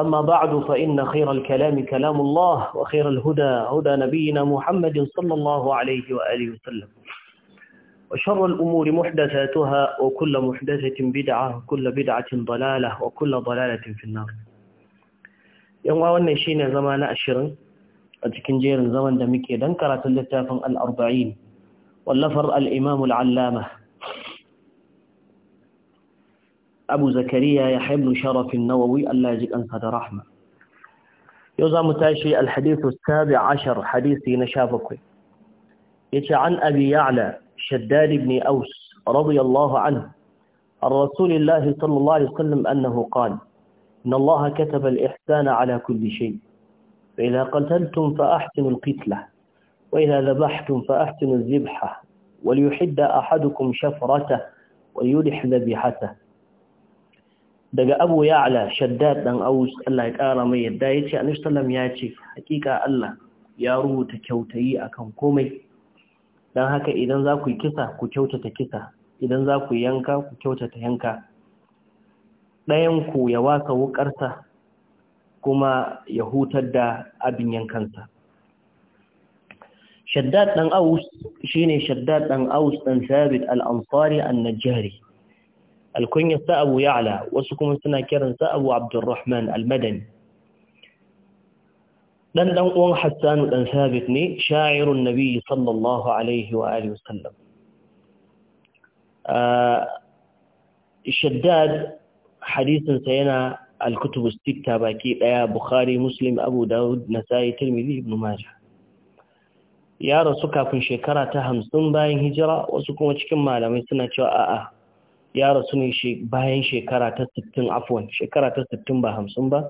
أما بعد فإن خير الكلام كلام الله وخير الهدى هدى نبينا محمد صلى الله عليه وآله وسلم وشر الأمور محدثاتها وكل محدثة بدعة وكل بدعة ضلالة وكل ضلالة في النار يوم أولنا شينا زمان أشرا أتكن جير زمن دمكي دنكرة اللتافا الأربعين واللفر الإمام العلامة أبو زكريا يحيى بن شرف النووي اللاجئ أنفذ رحمة يوزام تاشي الحديث السابع عشر حديثي نشافكم يتي عن أبي يعلى شداد بن أوس رضي الله عنه الرسول الله صلى الله عليه وسلم أنه قال إن الله كتب الإحسان على كل شيء فإذا قتلتم فأحسنوا القتلة وإذا ذبحتم فأحسنوا الذبحة وليحد أحدكم شفرته وليلح ذبيحته daga abu ya ala shaddad dan aus Allah ya kara mai yadda yace annabi sallam ya ce hakika Allah ya rubuta kyautayi akan komai dan haka idan za ku yi kisa ku kyautata kisa idan za ku yanka ku kyautata yanka ɗayan ku ya waka wukarsa kuma ya hutar da abin yankansa shaddad dan aus shine shaddad dan aus dan sabit al-ansari an najari alkunyarsa abu ya'la wasu kuma suna kiransa abu abdurrahman almadani dan dan uwan hassanu dan sabit ne sha'irun nabi sallallahu alaihi wa alihi wasallam ah, shaddad hadisinsa yana alkutubu sitta baki daya bukhari muslim abu dawud nasai tirmidhi ibn majah ya rasu kafin shekara ta hamsin bayan hijira wasu kuma cikin malamai suna cewa a'a ya rasu ne bayan shekara ta 60 afwan shekara ta 60 ba 50 ba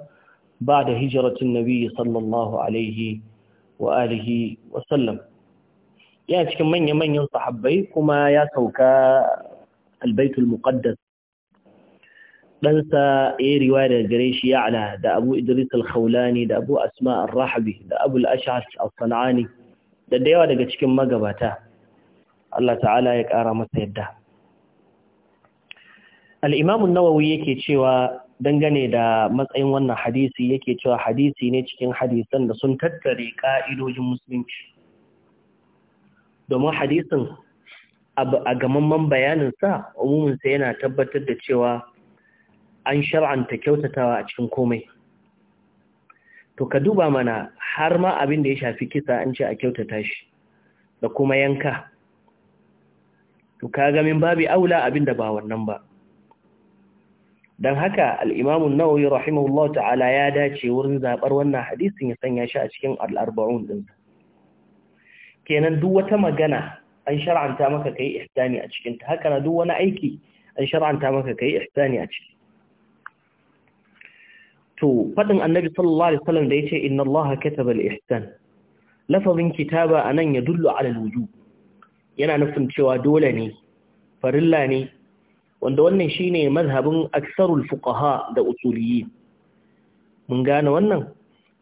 ba da hijiratin nabi sallallahu alaihi wa alihi wa ya cikin manya-manyan sahabbai kuma ya sauka albaitul muqaddas ɗansa ya riwaya daga gare shi ya'la da abu idris al-khawlani da abu asma al rahbi da abu al-ash'as al-sanani da da daga cikin magabata Allah ta'ala ya kara masa yadda al'imamun nawawi yake cewa dangane da matsayin wannan hadisi yake cewa hadisi ne cikin hadisan da sun tattare ƙa'idojin musulunci domin hadisin a gamamman bayaninsa umuminsa yana tabbatar da cewa an shar'anta kyautatawa a cikin komai to ka duba mana har ma abin da ya shafi kisa an ce a kyautata shi da kuma yanka to ka gamin babi aula abinda ba wannan ba don haka al'imamun nawawi rahimahullah ta'ala ya dace wurin zaɓar wannan hadisin ya sanya shi a cikin al'arba'un ɗin kenan duk wata magana an shar'anta maka ka yi ihsani a ta haka na duk wani aiki an shar'anta maka ka yi ihsani a ciki to faɗin annabi sallallahu alaihi wasallam da ya ce inna allaha kataba al-ihsan lafazin kitaba ya dullu ala yana nufin cewa dole ne farilla ne wanda wannan shine mazhabin aksarul fuqaha da usuliyi mun gane wannan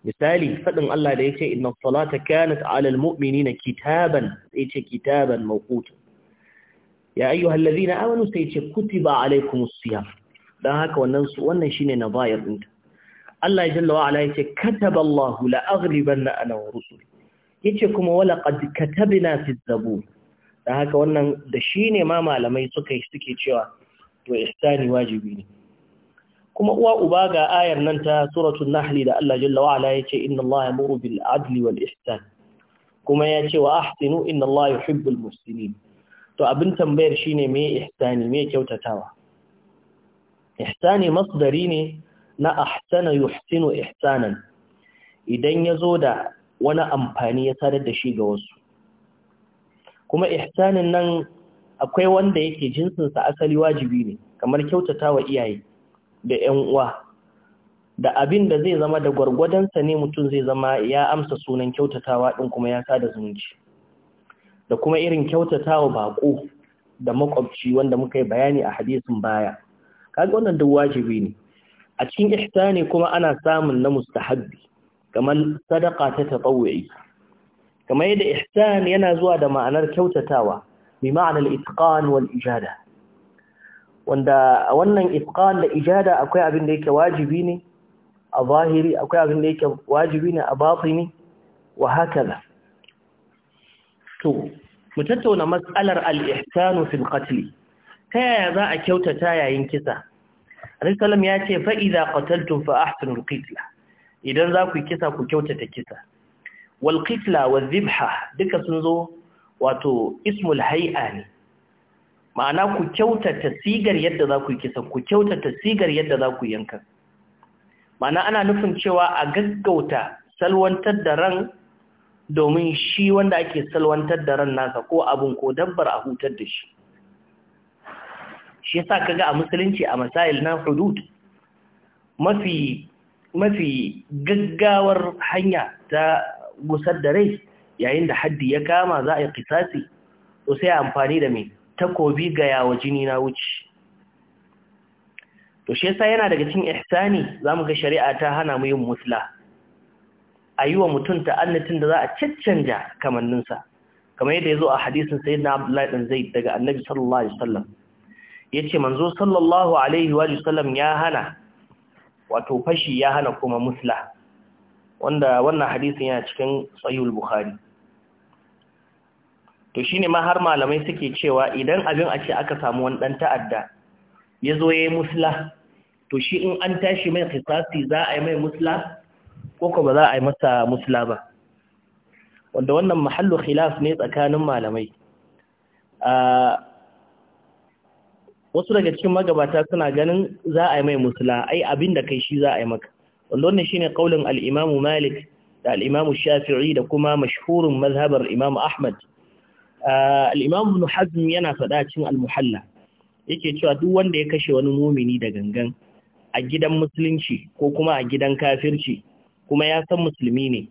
misali fadin Allah da yake inna salata kanat ala almu'minina kitaban yace kitaban mawquta ya ayyuhal ladhina amanu sai yace kutiba alaykumus siyam dan haka wannan su wannan shine nadayir din Allah jalla wa ala yace kataballahu la aghlibanna ana wa rusuli yace kuma wala qad katabna fi zabur da haka wannan da shine ma malamai suka yi suke cewa to ihsani wajibi ne kuma uwa uba ga ayar nan ta suratul nahl da Allah jalla wa ala yace inna Allah yamuru bil adli wal ihsan kuma yace wa ahsinu inna Allah yuhibbul muhsinin to abin tambayar shine me ihsani me kyautatawa ihsani masdari ne na ahsana yuhsinu ihsanan idan yazo da wani amfani ya sadar da shi ga wasu kuma ihsanin nan akwai wanda yake jinsinsa asali wajibi ne kamar kyautata wa iyaye da 'yan uwa da abin da zai zama da gwargwadonsa ne mutum zai zama ya amsa sunan kyautatawa ɗin kuma ya sada zumunci da kuma irin kyautatawa baƙo da makwabci wanda muka yi bayani a hadisin baya kaga wannan duk wajibi ne a cikin ihsani kuma ana samun na mustahabbi kamar sadaka ta tatawwi kamar yadda ihsan yana zuwa da ma'anar kyautatawa bi ma'anar itqan wanda wannan itqan da ijada akwai abin da yake wajibi ne a zahiri akwai abin da yake wajibi ne a batini wa to mu tattauna matsalar al-ihsanu fil qatl ta yaya za a kyautata yayin kisa Alisalam ya ce fa'iza ƙataltun fa'ahsun rukitla, idan za ku kisa ku kyautata kisa. Walƙitla wa zibha duka sun zo wato ismul hai'a ne ma'ana ku kyautata sigar yadda za ku yi kisan ku kyautata sigar yadda za ku yanka ma'ana ana nufin cewa a gaggauta salwantar da ran domin shi wanda ake salwantar da ran nasa ko abin ko dabbar a hutar da shi shi yasa kaga a musulunci a masayil na hudud mafi mafi gaggawar hanya ta gusar da rai yayin da haddi ya kama za a yi kisasi to sai amfani da mai takobi ga yawa jini na wuce to shi yasa yana daga cikin ihsani zamu ga shari'a ta hana mu yin musla a yiwa ta mutum da za a caccanja kamanninsa kamar yadda yazo a hadisin Sayyidina Abdullah abdullahi Zaid daga annabi sallallahu alaihi wasallam ya manzo sallallahu alaihi sallam ya hana wato fashi ya hana kuma musla wanda wannan hadisin yana cikin al bukhari to shine ma har malamai suke cewa idan abin a ce aka samu wani dan ta'adda ya zo yi musla to shi in an tashi mai kisasi za a yi mai musla ko ko ba za a yi masa musla ba wanda wannan mahallu khilaf ne tsakanin malamai wasu daga cikin magabata suna ganin za a yi mai musla. ai abin da kai shi za a yi maka wanda wannan shine kaulin Al'imamu Malik da Al'imamu Shafi'i da kuma mashhurun mazhabar Imam Ahmad al'imam ibn hazm yana faɗa cin al-muhalla yake cewa duk wanda ya kashe wani mumini da gangan a gidan musulunci ko kuma a gidan kafirci kuma ya san musulmi ne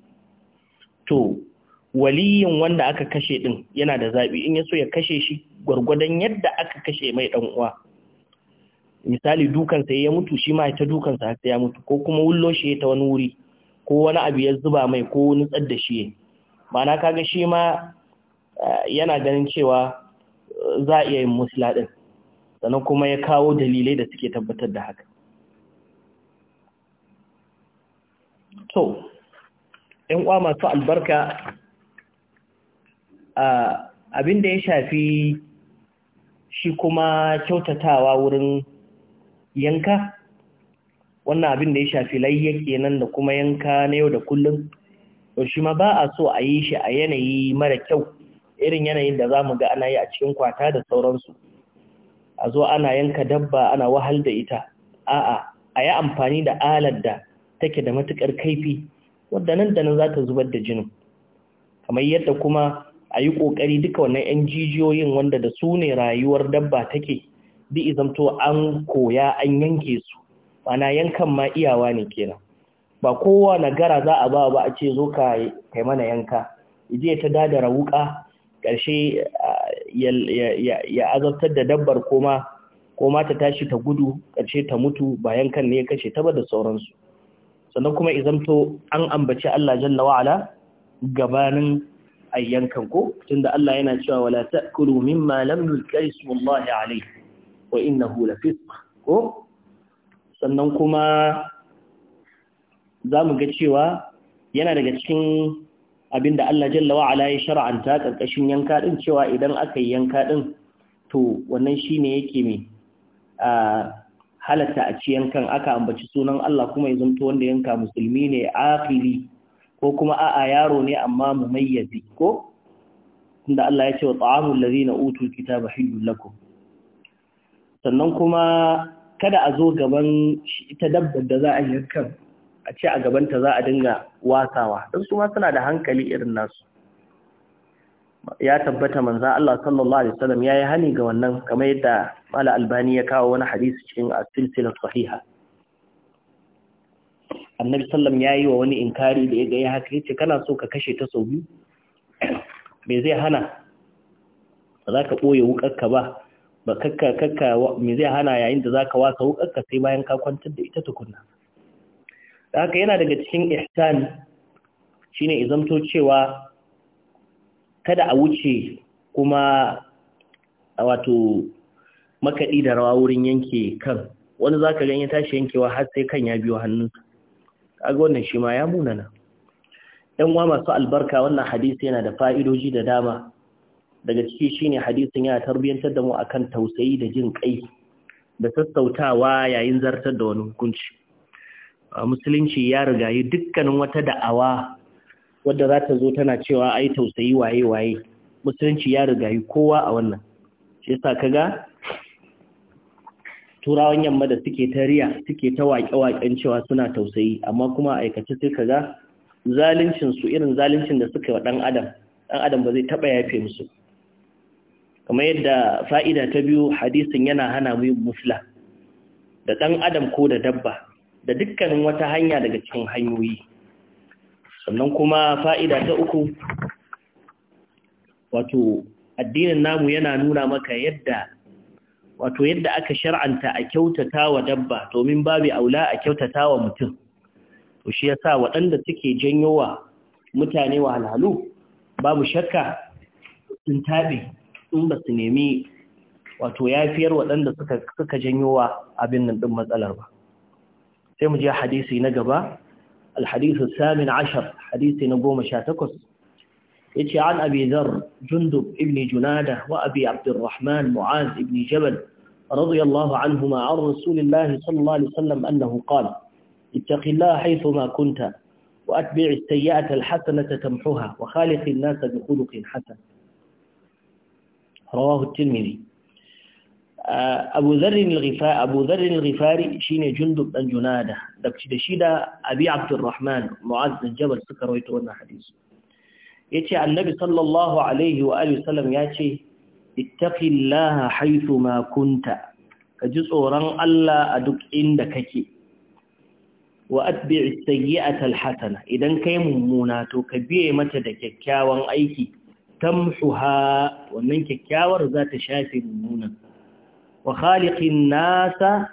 to waliyin wanda aka kashe din yana da zaɓi in ya so ya kashe shi gwargwadon yadda aka kashe mai ɗan uwa misali dukansa ya mutu shi ma ta dukansa har ya mutu ko kuma wullo shi ta wani wuri ko wani abu ya zuba mai ko wani tsad da shi ma'ana kaga shi ma yana ganin cewa eh, za a iya yin musula ɗin sannan kuma ya kawo dalilai da suke tabbatar da haka So, ‘yan kwa masu albarka abin da ya shafi shi kuma kyautatawa wurin yanka wannan abin da ya shafi layya kenan da kuma yanka na yau da kullum to shi ma ba a so a yi shi a yanayi mara kyau irin yanayin da za mu ga ana yi a cikin kwata da sauransu a zo ana yanka dabba ana wahal da ita a'a a yi amfani da alar da take da matukar kaifi wadda nan da nan za ta zubar da jinin kamar yadda kuma a yi ƙoƙari duka wannan 'yan jijiyoyin wanda da su ne rayuwar dabba take bi izamto an koya an yanke su mana yankan ma iyawa ne kenan ba kowa nagara za a ba ba a ce zo ka yi mana yanka ije ta dadara rawuka. Karshe ya azabtar da dabbar koma koma ta tashi ta gudu ƙarshe ta mutu bayan kan ne ya kashe ta da sauransu sannan kuma izamto an ambaci Allah jalla wa'ala gabanin ayyankan ko tunda Allah yana cewa wala ta'kulu mimma lam yuzkar Allah alayhi wa innahu lafisq ko sannan kuma zamu ga cewa yana daga cikin abinda Allah jalla wa ala ya shar'anta karkashin yanka din cewa idan aka yi yanka din to wannan shine yake me a halatta a ci yankan aka ambaci sunan Allah kuma ya to wanda yanka musulmi ne akhiri ko kuma a'a yaro ne amma mumayyazi ko inda Allah ya ce wa ta'amul ladina utul kitaba hillul lakum sannan kuma kada a zo gaban ita dabbar da za a yankan a ce a gabanta za a dinga wasawa don su ma suna da hankali irin nasu ya tabbata manzan Allah sallallahu alaihi wasallam yayi hani ga wannan kamar yadda Mala Albani ya kawo wani hadisi cikin as silsila sahiha Annabi sallam yayi wa wani inkari da ya ga ya haka yace kana so ka kashe ta sau biyu me zai hana ba za ka boye wukarka ba ba kakka kakka me zai hana yayin da zaka wasa wukarka sai bayan ka kwantar da ita tukunna da haka yana daga cikin ihsan shine izamto cewa kada a wuce kuma wato makaɗi da rawa wurin yanke kan wani zaka ganye tashi yankewa har sai kan ya biyo hannunsa kaga wannan shi ma ya munana yan uwa masu albarka wannan hadisi yana da fa'idoji da dama daga ciki shine hadisin yana tarbiyantar da mu akan tausayi da jin kai da sassautawa yayin zartar da wani hukunci musulunci ya rigayi dukkanin wata da'awa wadda za ta zo tana cewa ai tausayi waye waye musulunci ya rigayi kowa a wannan shi yasa kaga turawan yamma da suke ta riya suke ta waƙe-waƙen cewa suna tausayi amma kuma aikace sai kaga zalincin su irin zaluncin da suka wa dan adam dan adam ba zai taba yafe musu kamar yadda fa'ida ta biyu hadisin yana hana mu yin musla da dan adam ko da dabba da dukkanin wata hanya daga cikin hanyoyi sannan kuma fa'ida ta uku wato addinin namu yana nuna maka yadda wato yadda aka shar'anta a kyautata wa dabba domin babu aula a kyautata wa mutum to shi yasa waɗanda suke janyo wa mutane wa halhalu babu shakka sun taɓe in ba su nemi wato yafiyar waɗanda suka janyo wa abin nan ɗin matsalar ba sai mu je hadisi الحديث الثامن عشر حديث نقوم شاتكس يتي عن أبي ذر جندب ابن جنادة وأبي عبد الرحمن معاذ ابن جبل رضي الله عنهما عن رسول الله صلى الله عليه وسلم أنه قال اتق الله حيثما كنت وأتبع السيئة الحسنة تمحها وخالق الناس بخلق حسن رواه الترمذي abu zarrin al-ghifari abu zarrin al-ghifari shine jundub dan junada da shi da shi da abi abdurrahman mu'az bin jabal suka rawaito wannan hadisi yace annabi sallallahu alaihi wa alihi sallam yace ittaqillaha haythu ma kunta kaji tsoron Allah a duk inda kake wa atbi'i sayyi'ata al-hasana idan kai mummuna to ka biye mata da kyakkyawan aiki tamhuha wannan kyakkyawar za ta shafe mummunan wa khaliqin nasa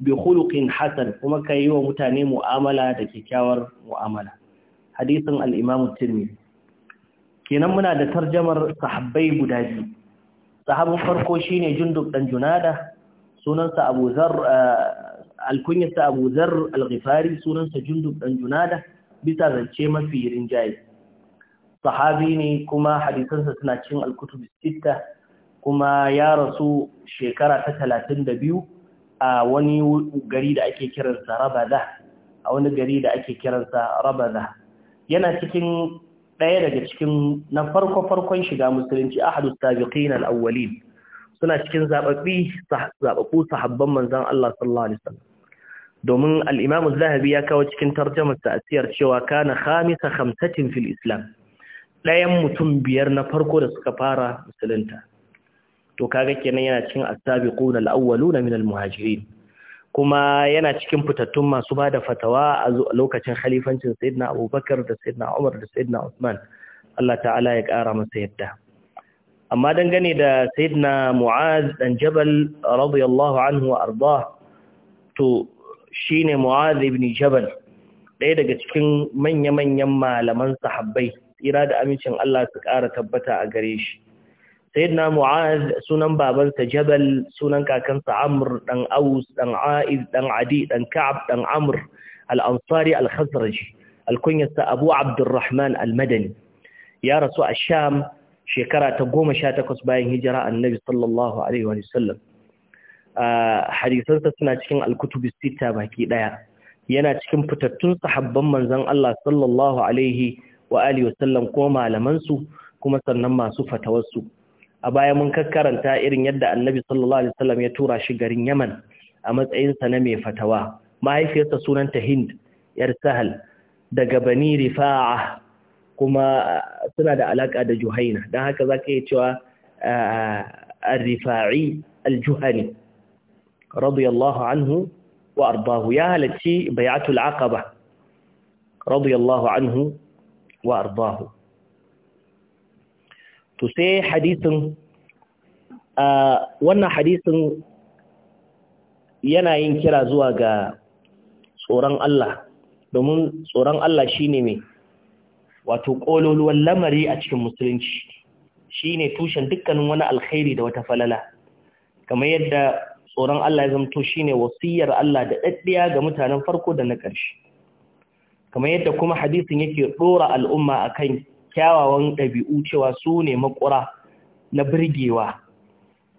bi khuluqin hasan kuma kai wa mutane mu'amala da kyakkyawar mu'amala hadisin al-Imam Tirmidhi kenan muna da tarjamar sahabbai guda biyu sahabin farko shine Jundub dan Junada sunansa Abu Zar eh, alkunyarsa Abu Zar al-Ghifari sunansa Jundub dan Junada bisa zance mafi rinjaye sahabi ne kuma hadisansa suna cikin al-kutub sittah kuma ya rasu shekara ta talatin da biyu a wani gari da ake kiransa rabada a wani gari da ake kiransa rabada yana cikin ɗaya daga cikin na farko-farkon shiga musulunci ahadu sabiqin al-awwalin suna cikin zababbi zababbu sahabban manzon Allah sallallahu alaihi wasallam domin al zahabi ya kawo cikin tarjumar sa asiyar cewa kana khamisa khamsatin fil Islam ɗayan mutum biyar na farko da suka fara musulunta to kaga kenan yana cikin as-sabiquna al-awwaluna min al-muhajirin kuma yana cikin fitattun masu bada fatawa a lokacin khalifancin sayyidina Abubakar da sayyidina Umar da sayyidina Uthman Allah ta'ala ya kara masa yadda amma dangane da sayyidina Mu'az dan Jabal radiyallahu anhu wa arda to shine Mu'az ibn Jabal ɗaya daga cikin manya-manyan malaman sahabbai tsira da amincin Allah su ƙara tabbata a gare shi sayyidina mu'az sunan babansa jabal sunan kakansa amr dan aus dan aiz dan adi dan ka'ab dan amr al-ansari al-khazraji alkunyarsa abu abdulrahman almadani ya rasu a sham shekara ta goma sha takwas bayan hijira annabi sallallahu hadisansa suna cikin alkutubi sita baki daya yana cikin fitattun sahabban manzon Allah sallallahu alaihi ko malaman kuma sannan masu fatawarsu a baya mun kakkaranta irin yadda annabi sallallahu alaihi wasallam ya tura shi garin Yaman a matsayinsa na mai fatawa mahaifiyarsa sunanta Hind yar Sahal daga Bani Rifa'a kuma ah, suna da alaka da Juhaina dan haka zaka iya cewa ah, Ar-Rifa'i Al-Juhani radiyallahu anhu wa ardahu ya halacci bai'atul aqaba radiyallahu anhu wa ardahu to sai hadisin wannan hadisin yana yin kira zuwa ga tsoron Allah domin tsoron Allah shine mai wato ƙololuwan lamari a cikin musulunci Shi ne tushen dukkanin wani alkhairi da wata falala kamar yadda tsoron Allah ya zamto ne wasiyar Allah da ɗaɗɗiya ga mutanen farko da na ƙarshe kamar yadda kuma hadisin yake ɗora al'umma a kai. kyawawan ɗabi'u cewa su ne makura na birgewa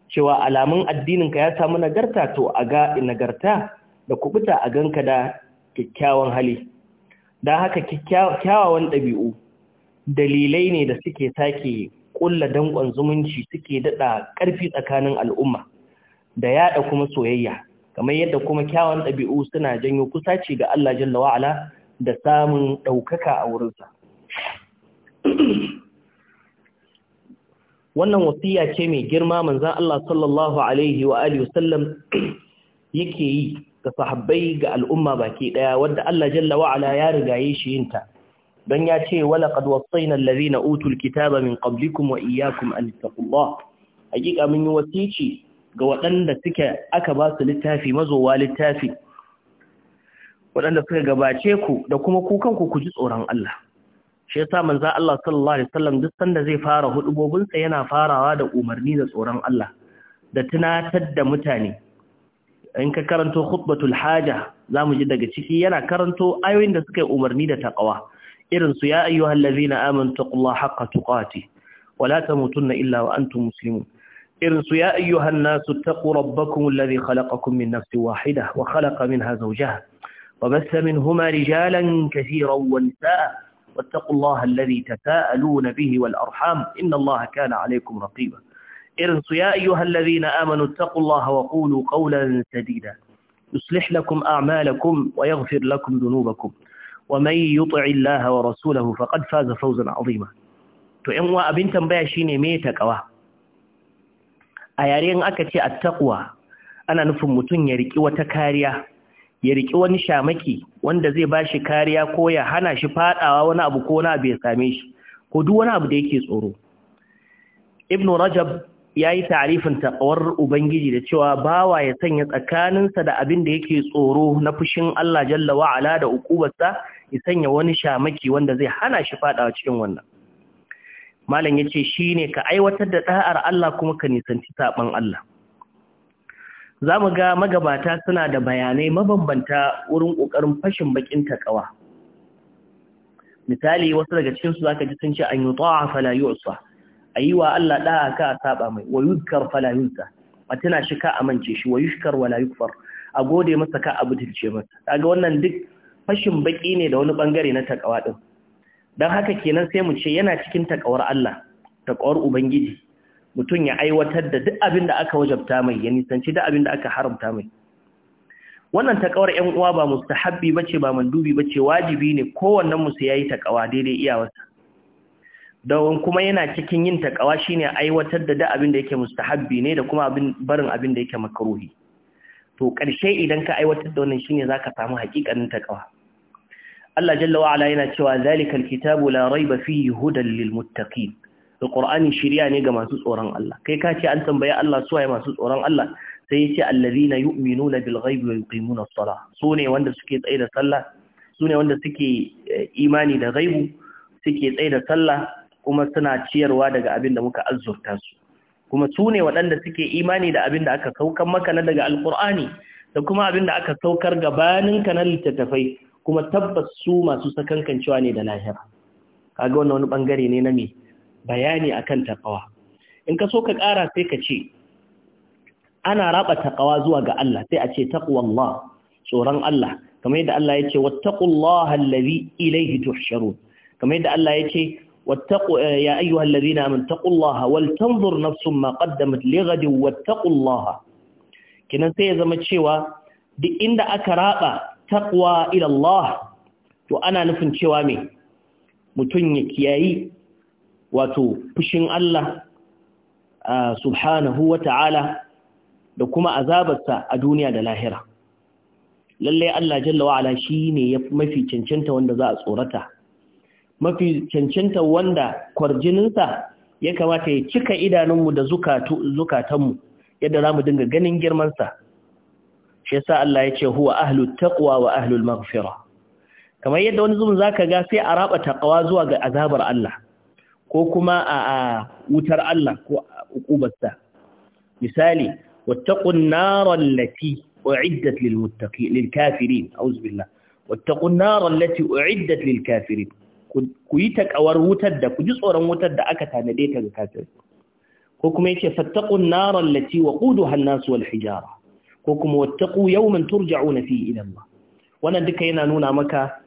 cewa alamun addininka ya samu nagarta to a ga nagarta da kubuta a ganka da kyakkyawan hali Da haka kyawawan ɗabi'u dalilai ne da suke sake ƙulla danƙon zumunci suke daɗa ƙarfi tsakanin al'umma da yaɗa kuma soyayya kamar yadda kuma kyawawan ɗabi'u suna janyo kusaci ga Allah jalla wa'ala da samun ɗaukaka a wurinsa wannan wasiya ce mai girma manzan Allah sallallahu alaihi wa yake yi ga sahabbai ga al'umma baki ɗaya, wadda Allah jalla wa'ala ya rigaye shi yinta don ya ce wala qad wasaina allazina utul kitaba min qablikum wa iyyakum an hakika mun yi wasici ga waɗanda suke aka ba su littafi mazowa littafi waɗanda suka gabace ku da kuma kukanku ku ji tsoron Allah shi yasa manzo Allah sallallahu alaihi wasallam duk sanda zai fara hudubobinsa yana farawa da umarni da tsoron Allah da tunatar da mutane in ka karanto khutbatul haja zamu ji daga ciki yana karanto ayoyin da suka yi umarni da taqwa irin su ya ayyuhal ladzina amanu taqullaha haqqa tuqati wa la tamutunna illa wa antum muslimun irin su ya ayyuhan nasu taqu rabbakum alladhi khalaqakum min nafsin wahida wa khalaqa minha zawjaha وبث منهما رجالا كثيرا ونساء واتقوا الله الذي تساءلون به والأرحام إن الله كان عليكم رقيبا إرث يا أيها الذين آمنوا اتقوا الله وقولوا قولا سديدا يصلح لكم أعمالكم ويغفر لكم ذنوبكم ومن يطع الله ورسوله فقد فاز فوزا عظيما تو ƴan uwa abin tambaya shine me takawa التقوى أنا نفهم aka ce attaqwa ya riƙi wani shamaki wanda zai ba shi kariya ko ya hana shi faɗawa wani abu ko wani abu ya same shi ko duk wani abu da yake tsoro ibn rajab ya yi tarifin taɓawar ubangiji da cewa bawa ya sanya tsakaninsa da abin da yake tsoro na fushin Allah jalla Ala da ukubarsa ya sanya wani shamaki wanda zai hana shi faɗawa cikin wannan malam ya ce shi ne ka aiwatar da ɗa'ar Allah kuma ka nisanci saɓan Allah za mu ga magabata suna da bayanai mabambanta wurin ƙoƙarin fashin bakin takawa misali wasu daga cikinsu za ka ji sun ce an yi ta'a fala yu'sa a yi wa Allah da ka a saba mai wa yudkar falayunsa. a tana shi ka amince shi wa yushkar wala yukfar a gode masa ka a butulce masa kaga wannan duk fashin baki ne da wani bangare na takawa din don haka kenan sai mu ce yana cikin takawar Allah takawar ubangiji mutum ya aiwatar da duk abin da aka wajabta mai ya nisanci duk abin da aka haramta mai wannan takawar 'yan uwa ba mustahabbi bace ba mandubi bace wajibi ne kowannen musu sai yayi takawa daidai iyawarsa don kuma yana cikin yin takawa shine aiwatar da duk abin da yake mustahabbi ne da kuma barin abin da yake makruhi to ƙarshe idan ka aiwatar da wannan shine ka samu haƙiƙanin takawa Allah jalla wa ala yana cewa zalikal kitabu la raiba fihi hudan lil muttaqin to Qur'ani shiriya ne ga masu tsoron Allah kai ka ce an tambaye Allah su waye masu tsoron Allah sai ya ce allazina yu'minuna bil ghaibi wa yuqimuna as-salah su ne wanda suke tsaye da sallah su ne wanda suke eh, imani da ghaibu suke tsaye da sallah kuma suna ciyarwa daga abin da muka azurta su kuma su ne waɗanda suke imani da abin da aka saukar maka na daga Alƙur'ani da kuma abin da aka saukar gabanin ka na littattafai kuma tabbas su masu sakankancewa ne da lahira kaga wannan wani bangare ne na me bayani akan taqwa in ka so ka ƙara sai ka ce ana raba taqwa zuwa ga Allah sai a ce taqwallah tsoron Allah kamar yadda Allah yace wattaqullaha allazi ilayhi tuhsharun kamar yadda Allah yace wattaqu ya ayyuhal ladina amin taqullaha wal tanzur nafsum ma qaddamat lighadin wattaqullaha kinan sai ya zama cewa duk inda aka raba taqwa ila Allah to ana nufin cewa me mutun ya kiyayi wato fushin Allah subhanahu wa ta'ala da kuma azabarsa a duniya da lahira. Lallai Allah jalla wa'ala shi ne ya mafi cancanta wanda za a tsorata, mafi cancanta wanda kwarjininsa ya kamata ya cika idanunmu da zukatanmu yadda za mu dinga ganin girmansa. Shi sa Allah ya ce, Huwa ahlul taqwa wa ahlul maghfira. Kamar yadda wani zubin za ka ga sai a raba taƙawa zuwa ga azabar Allah. ko kuma a wutar Allah ko uqubarsa misali wattaqun nar allati u'iddat lil muttaqin lil kafirin a'udhu billah wattaqun ku yi takawar wutar da ku ji tsoron wutar da aka tanade ta ga kafirin ko kuma yace fattaqun Naron allati wa an-nas wal hijara ko kuma wattaqu turja'u turja'una fi idan ba wannan duka yana nuna maka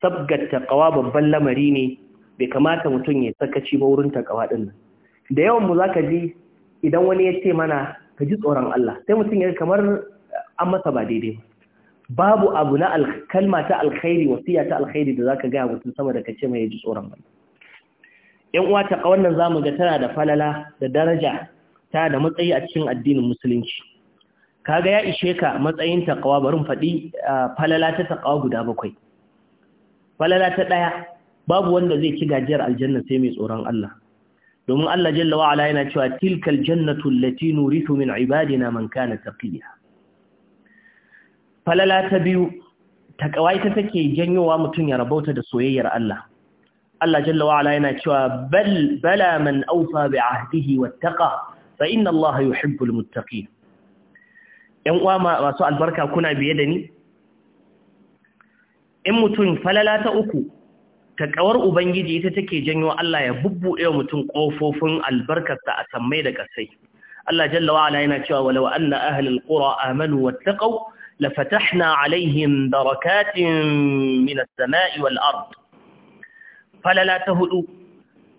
sabgata ƙawa babban lamari ne bai kamata mutum ya sakaci ba wurin takawa din nan da yawan mu zaka ji idan wani ya ce mana ka ji tsoron Allah sai mutum ya kamar an masa ba daidai ba babu abu na kalma ta alkhairi wasiya ta alkhairi da zaka ga mutum sama da kace mai ji tsoron Allah yan uwa ta wannan zamu ga tana da falala da daraja ta da matsayi a cikin addinin musulunci kaga ya ishe ka matsayin takawa barin faɗi ah, falala ta takawa guda bakwai falala ta ɗaya babu wanda zai ci gajiyar aljanna sai mai tsoron Allah domin Allah jalla wa ala yana cewa tilkal jannatu allati nurithu min ibadina man kana taqiya falala ta biyu takawa ita take janyowa mutum ya rabauta da soyayyar Allah Allah jalla wa ala yana cewa bal bala man awfa bi ahdihi wattaqa fa inna Allah yuhibbul muttaqin yan uwa masu albarka kuna biye da ni in mutum falala ta uku takawar ubangiji ita take janyo Allah ya bubbuɗe wa mutum ƙofofin albarkarsa a sammai da ƙasai Allah jalla wa ala yana cewa walau anna ahlul qura amanu wattaqaw lafatahna alaihim barakatin min as-sama'i wal ard falala ta hudu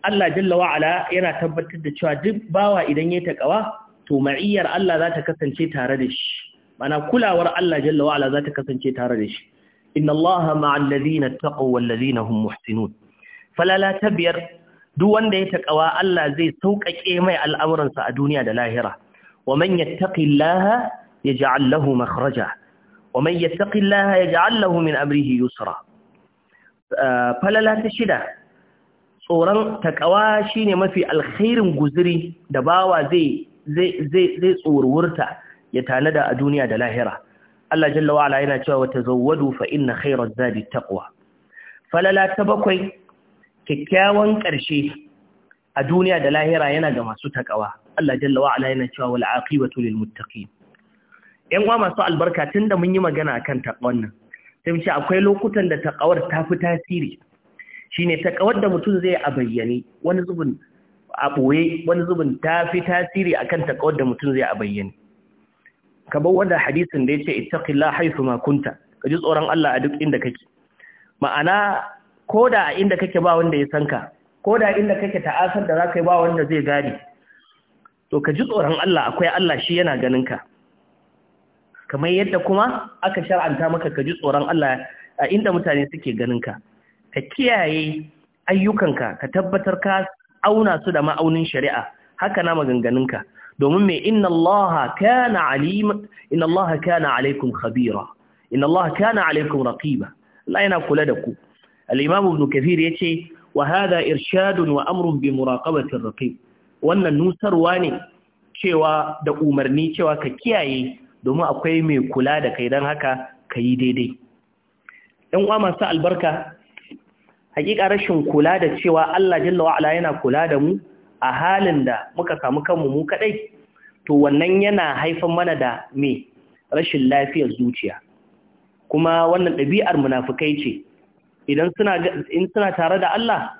Allah jalla wa ala yana tabbatar da cewa duk bawa idan ya takawa to ma'iyyar Allah za ta kasance tare da shi mana kulawar Allah jalla wa ala za ta kasance tare da shi inna allaha ma'al ladina taqaw wal ladina hum muhsinun falala ta biyar duk wanda ya takawa Allah zai sauƙaƙe mai al'amuransa a duniya da lahira wa man yattaqillaha yaj'al lahu makhraja wa man yattaqillaha yaj'al lahu min amrihi yusra falala ta shida tsoron takawa shine mafi alkhairin guziri da bawa zai zai zai ya tanada a duniya da lahira Allah jalla wa ala yana cewa tazawwadu fa inna khayra zadi taqwa falala ta bakwai kikkiawan ƙarshe a duniya da lahira yana ga masu takawa Allah jalla wa ala yana cewa wal aqibatu lil muttaqin yan uwa masu albarka tunda mun yi magana akan takwan nan sai mu ce akwai lokutan da takawar ta fi tasiri shine takawar da mutum zai a bayyane wani zubin a boye wani zubin ta fi tasiri akan takawar da mutum zai a bayyane ka bar wanda hadisin da yace ittaqillah haythu ma kunta ka ji tsoron Allah a duk inda kake ma'ana koda a inda kake ba wanda ya san ka koda inda kake ta'asar da zaka yi ba wanda zai gari. to ka ji tsoron Allah akwai Allah shi yana ganin ka kamar yadda kuma aka shar'anta maka ka ji tsoron Allah a inda mutane suke ganin ka ka kiyaye ayyukanka ka tabbatar ka auna su da ma'aunin shari'a haka na maganganunka domin me inna Allah kana alim inna Allah kana alaikum khabira inna Allah kana alaikum raqiba Allah yana kula da ku al-Imam Ibn Kathir yace wa hadha irshadun wa amrun bi muraqabati ar-raqib wannan nusarwa ne cewa da umarni cewa ka kiyaye domin akwai mai kula da kai dan haka kayi daidai ɗan uwa masu albarka hakika rashin kula da cewa Allah jalla wa ala yana kula da mu a halin da muka samu kanmu mu kaɗai, to wannan yana haifar mana da me rashin lafiyar zuciya kuma wannan ɗabi'ar munafukai ce idan suna in suna tare da Allah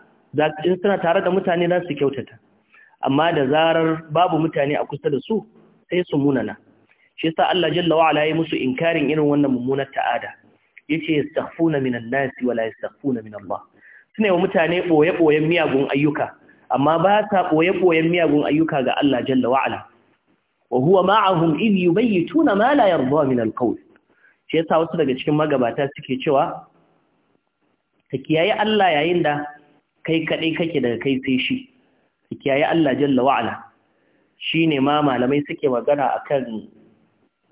in suna tare da mutane za su kyautata amma da zarar babu mutane a kusa da su sai su munana shi yasa Allah jalla wa ala ya musu inkarin irin wannan mummunar ta'ada yace yastaghfuna minan nasi wala yastaghfuna min Allah sune wa mutane boye boyen miyagun ayyuka amma ba sa ɓoye-ɓoyen miyagun ayyuka ga Allah jalla wa'ala wa huwa ma'ahum yi, yubayyituna ma la yarda min al-qawl shi yasa wasu daga cikin magabata suke cewa ka kiyaye Allah yayin da kai kadai kake daga kai sai shi ka kiyaye Allah jalla wa'ala shine ma malamai suke magana akan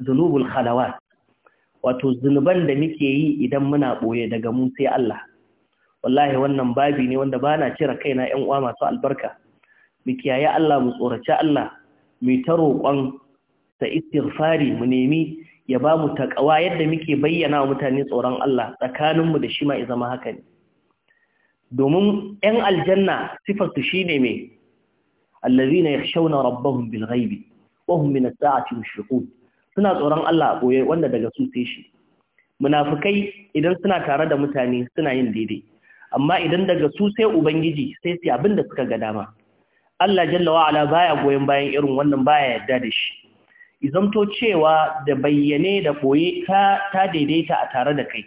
zunubul khalawat wato zunuban da muke yi idan muna ɓoye daga mu sai Allah wallahi wannan babi ne wanda ba na cire kaina ‘yan uwa masu albarka mu kiyaye Allah mu tsoraci Allah mu ta roƙon ta istighfari mu nemi ya ba mu taƙawa yadda muke bayyana wa mutane tsoron Allah tsakaninmu da shi ma zama haka ne domin ‘yan aljanna sifar su shine mai allazi na rabbahum bil ghaibi wa hum min sa'ati mushrikun suna tsoron Allah a boye wanda daga su sai shi munafukai idan suna tare da mutane suna yin daidai amma idan daga su sai ubangiji sai su abin da suka ga dama Allah jalla wa ala baya goyen bayan irin wannan baya yadda da shi to cewa da bayyane da boye ka ta daidaita a tare da kai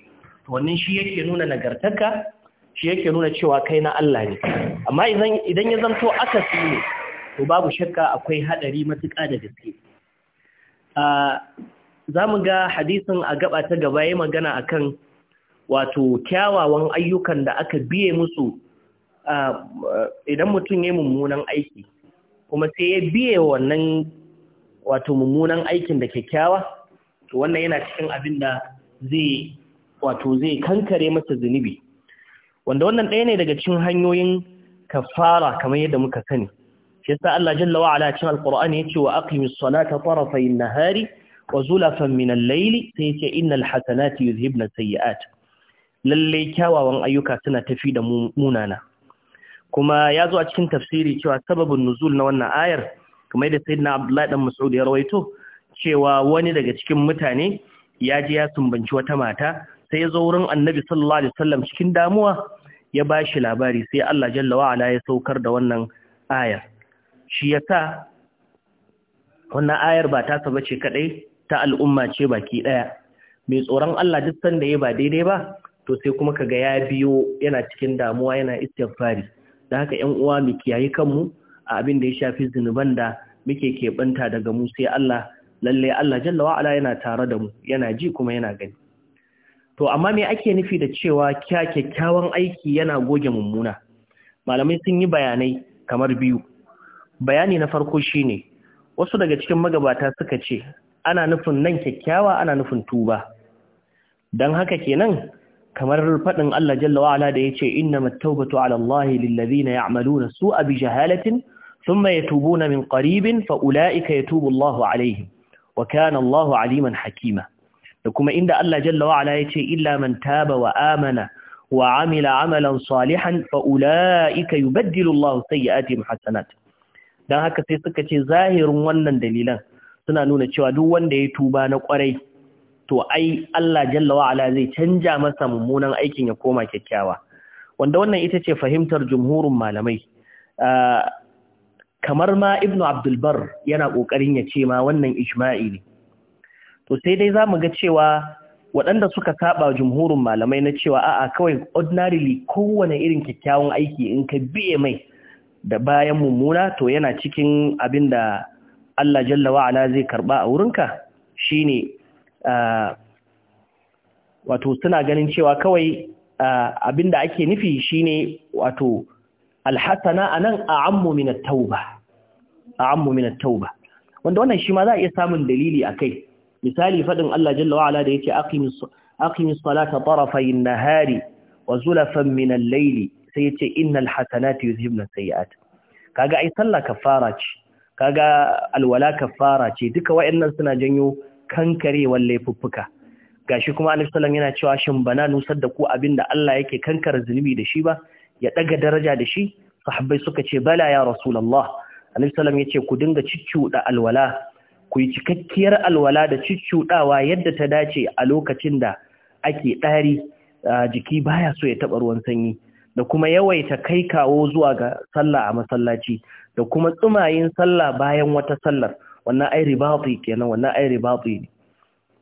to wannan shi yake nuna nagartaka shi yake nuna cewa kai na Allah ne amma idan idan ya zanto aka ne to babu shakka akwai hadari matuƙa da gaske a ah, zamu ga hadisin a gaba ta gaba yayin magana akan wato kyawawan ayyukan da aka biye musu idan mutum ya mummunan aiki kuma sai ya biye wannan wato mummunan aikin da kyakkyawa to wannan yana cikin abin da zai wato zai kankare masa zunubi wanda wannan ɗaya ne daga cikin hanyoyin kafara kamar yadda muka sani shi yasa Allah jalla wa ala cikin alqur'ani yace wa aqimis salata tarafay an-nahari wa zulafan min al-layli sai yace innal hasanati yuzhibna sayyi'ati lallai kyawawan ayyuka suna tafi da munana kuma ya zo a cikin tafsiri cewa sababin nuzul na wannan ayar kamar yadda sayyidina Abdullahi dan Mas'ud ya rawaito cewa wani daga cikin mutane ya je ya sumbanci wata mata sai ya zo wurin Annabi sallallahu alaihi wasallam cikin damuwa ya bashi labari sai Allah jalla wa ala ya saukar da wannan ayar shi yasa wannan ayar ba ta saba ce kadai ta al'umma ce baki ɗaya. mai tsoron Allah duk sanda ya ba daidai ba to sai kuma kaga ya biyo yana cikin damuwa yana istighfari da haka ƴan uwa mu kiyayi kanmu a abin da ya shafi zunuban da muke keɓanta daga mu sai Allah lalle Allah jalla wa ala yana tare da mu yana ji kuma yana gani to amma me ake nufi da cewa kya kyakkyawan aiki yana goge mummuna malamai sun yi bayanai kamar biyu bayani na farko shine wasu daga cikin magabata suka ce ana nufin nan kyakkyawa ana nufin tuba don haka kenan kamar faɗin Allah jalla wa'ala da yace inna tawbatu 'ala Allah lillazina ladina ya'maluna su'a bi jahalatin thumma yatubuna min qaribin fa ulaika yatubu Allahu 'alayhim wa kana Allahu 'aliman hakima da kuma inda Allah jalla wa'ala ce illa man taba wa amana wa 'amila 'amalan salihan fa ulaika yubaddilu Allah sayyi'atihim hasanat dan haka sai suka ce zahirin wannan dalilan suna nuna cewa duk wanda ya tuba na kwarai to ai Allah jalla wa zai canja masa mummunan aikin ya koma kyakkyawa wanda wannan ita ce fahimtar jumhurin malamai ah, kamar ma ibnu abdulbar yana ƙoƙarin ya ce ma wannan ijma'i ne to sai dai za mu ga cewa waɗanda suka saba jumhurin malamai na cewa a'a kawai ordinarily kowane irin kyakkyawan aiki in ka biye mai da bayan mummuna to yana cikin abin da Allah jalla wa zai karba a wurinka shine Eh, wato suna ganin cewa kawai eh, abinda ake nufi shine wato alhassana anan a min tauba a min at-tauba wanda wannan shi ma za a iya samun dalili a kai. misali faɗin Allah jalla wa'ala da yake aqimis aqimis salata tarafayin nahari wa zulafan min al sai yace innal hasanati yuzhibna sayiat kaga ai sallah kafara ce kaga alwala kafara ce duka wayannan suna janyo kankarewar laifuffuka gashi kuma Alif Salam yana cewa shin bana nusar da ku abin da Allah yake kankar zunubi da shi ba ya ɗaga daraja da shi sahabbai suka ce bala ya rasulullah Salam ya ce ku dinga cuccuɗa alwala ku yi cikakkiyar alwala da cuccuɗawa yadda ta dace a lokacin da ake ɗari jiki baya so ya taɓa ruwan sanyi da kuma yawaita kai kawo zuwa ga sallah a masallaci da kuma tsumayin sallah bayan wata sallar wannan ai baɗi kenan wannan ai baɗi ne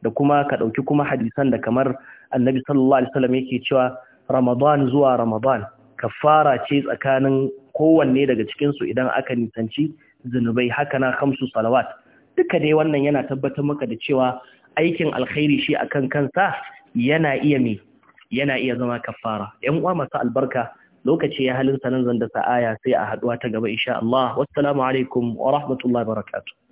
da kuma ka ɗauki kuma hadisan da kamar annabi sallallahu alaihi wasallam yake cewa ramadan zuwa ramadan kafara ce tsakanin kowanne daga cikin su idan aka nisanci zunubai haka na khamsu salawat duka dai wannan yana tabbatar maka da cewa aikin alkhairi shi akan kansa yana iya me yana iya zama kafara yan uwa masu albarka lokaci ya halin sanan zan da sa'aya sai a haduwa ta gaba insha Allah wassalamu alaikum wa rahmatullahi wa barakatuh